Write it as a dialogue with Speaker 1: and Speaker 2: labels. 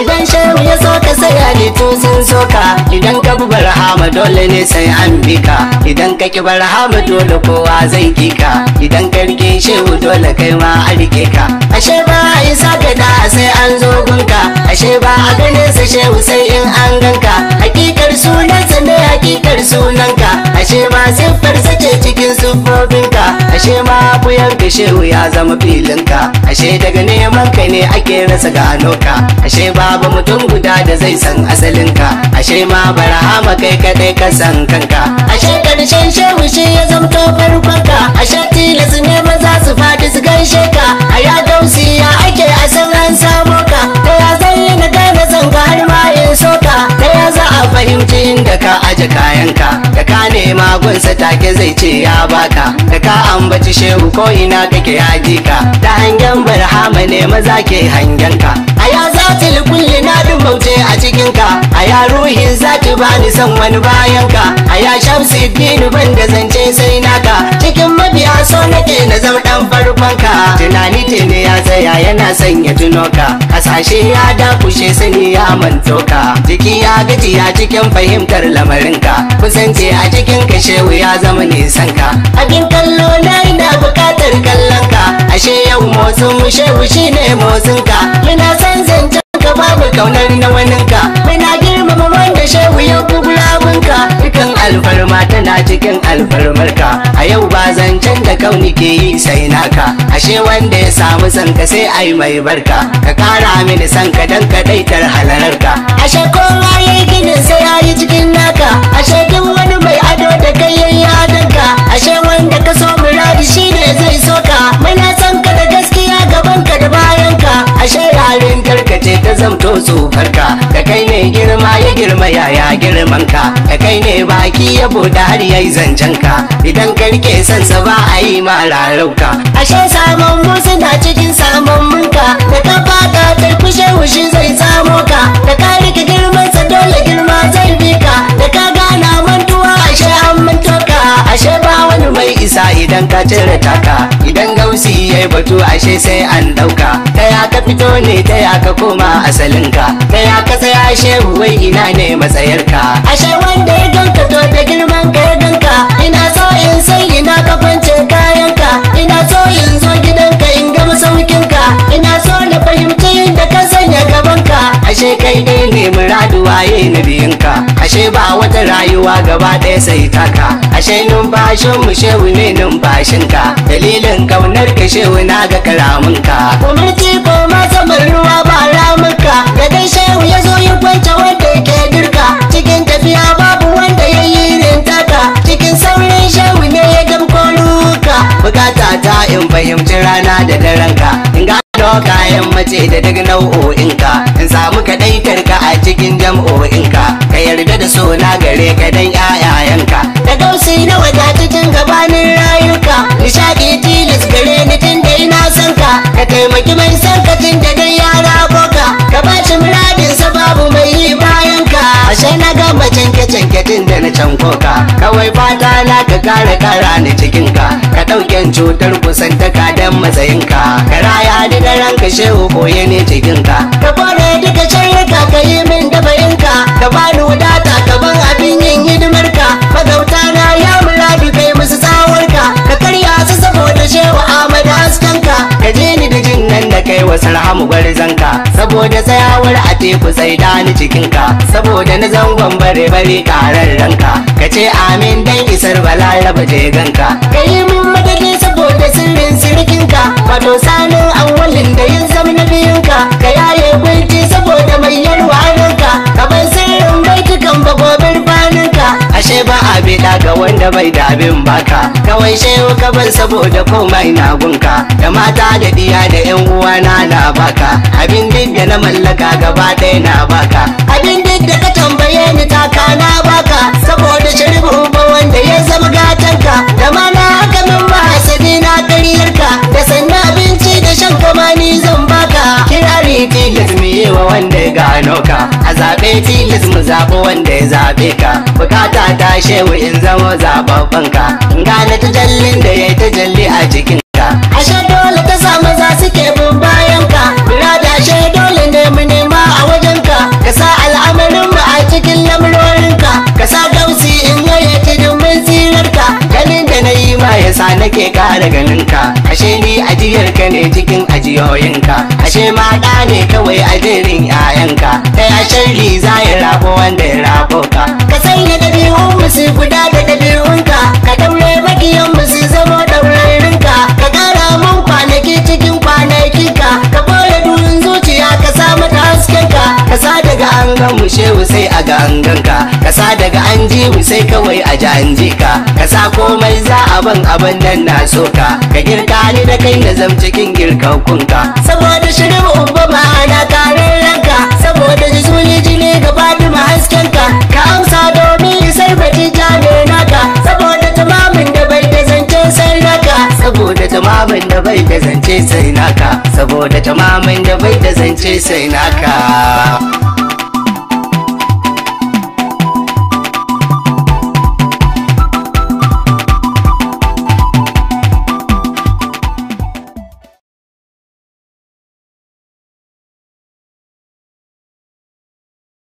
Speaker 1: idan shehu ya so ka saya ni tun sun soka idan ka bi barhama dole ne sai an bika idan ka ki barhama dole kowa zai ka. idan ka rike shehu dole kai ma a rike ka ashe ba a yi saka da sai an zo gunka ashe ba a gane sa shehu sai in an ganka hakikar sunansa ne hakikar sunanka ashe ba siffar sace cikin ka ashe ma buyan ka shehu ya zama filinka ashe daga neman kai ne ake rasa gano ka ashe babu mutum guda da zai san asalinka ashe ma barahama kai kadai ka san kanka ashe karshen shehu shi ya zama zamto farkon fahimci inda ka aje kayanka da ka nema gunsa take zai ce ya baka da ka ambaci shehu ko ina kake ya ka da hangen barhama ne maza ke hangenka a ya zatil kulli na dubauce a cikin ya ruhin zaki bani son wani bayan ka a ya shamsi dinu ban da zance sai naka cikin mabiya so nake na zama dan farkon ka tunani te ne ya tsaya yana sanya ya tuno ka ya dakushe sani ya manto ka jiki ya gaji ya cikin fahimtar lamarin ka kusance a cikin kashewu ya zama nisan ka abin kallo na ina bukatar kallon ka ashe yau motsin mushewu ne motsin ka muna son zance ka babu kaunar na waninka muna wanda shehu ya gugulabinka dukan alfarma tana cikin alfarmarka a yau ba zan da kauni ke yi sai naka ashe wanda ya samu sanka sai ai mai barka ka kara mini sanka dan kaɗaitar halararka ashe kowa yayi ginin sai yayi cikin na barka da kai ne girma ya girma yaya ka da kai ne baki ya buɗe har yayi ka. idan karke son sa ba a yi ma rarauka ashe samun mu suna cikin samun munka da ka fada kushe wushi zai samo ka da ka rike girman sa dole girma zai bi ka da ka gana mantuwa ashe an mantoka ashe ba wani mai isa idan ka cire taka batu ashe sai an dauka daya ka fito ne daya ka koma asalin ka daya ka sai shehu wai ina ne matsayarka ashe wanda ya ganka to da girman ka ya ganka ina so in rayuwa gaba ɗaya sai taka ashe numfashin mu shehu ne numfashin ka dalilin kaunar ka shehu na ga karamin ka kuma ko ma saman ruwa ba ka da dai shehu ya zo yi kwance wanda ke dirka cikin tafiya babu wanda ya yi rintaka cikin saurin shehu ne ya damko luka. bukata ta in fahimci rana da daren ka kayan mace da duk ka? in samu kaɗaitar ka a cikin jam'o'in ka yarda da na gare ka dan ƴaƴayenka da gausi na cikin gabanin rayuka nishaɗi tilis gare ni tun da ina san ka ka taimaki mai san ka tun da dai yara boka ka bashi muradin sa babu mai yi bayan ka ashe na ga canke-canke tun da na can koka kawai fata na ka kare kara ni cikin ka ka ɗauke cutar kusantaka dan matsayin ka ka raya da ranka shehu koye ne cikin ka ka bore duka shirka ka yi min da fi ku sai ni cikinka saboda ni zangon bare bare karar ranka ka ce amin dan isar ya je ganka ka yi min madadi saboda sirrin sirkinka wato sanin awalin da yin zama na biyunka ka yaye gulci saboda bai da abin baka kawai shehu ka ban saboda komai na gunka da mata da diya da yan uwa na na baka abin duk da na mallaka gaba ɗaya na baka abin duk da ka tambaye ni taka na baka saboda sharibu ba wanda ya zama gatan ka, da mana haka min mahasadi na ƙaryarka da sannan abinci da shan kama ni zan baka kirari tilas mu yi wa wanda ya gano ka a zaɓe tilas mu zaɓi wanda ya zaɓe ka ta tashe wa in zama zababban ka gane ta jallin da ya ta jalli a cikin ka ashe dole ta sa maza suke bin bayan ka bira da she dole ne mu nema a wajen ka ka sa al'amarin mu a cikin lamurorin ka ka sa gausi in yaye ta dumbin ka ganin da na yi ma yasa nake kara ganin ka ashe ni ajiyar ka ne cikin ajiyoyin ka ashe ma ne kawai ajirin 'ya'yanka ta shan za ya rabu su guda da dabi'unka ka daure makiyanmu su zama ɗaurarinka ka ƙara mun kwanaki cikin kwanakinka ka bore duhun zuciya ka sa mata haskenka ka sa daga an gan mu shehu sai a ga an ganka ka sa daga an ji mu sai kawai a ji an ka ka sa komai za a ban abin nan na so ka ka girka ni da kai na zam cikin girkakunka saboda shirin uba bai da zance sai naka saboda tamamin da bai da zance sai naka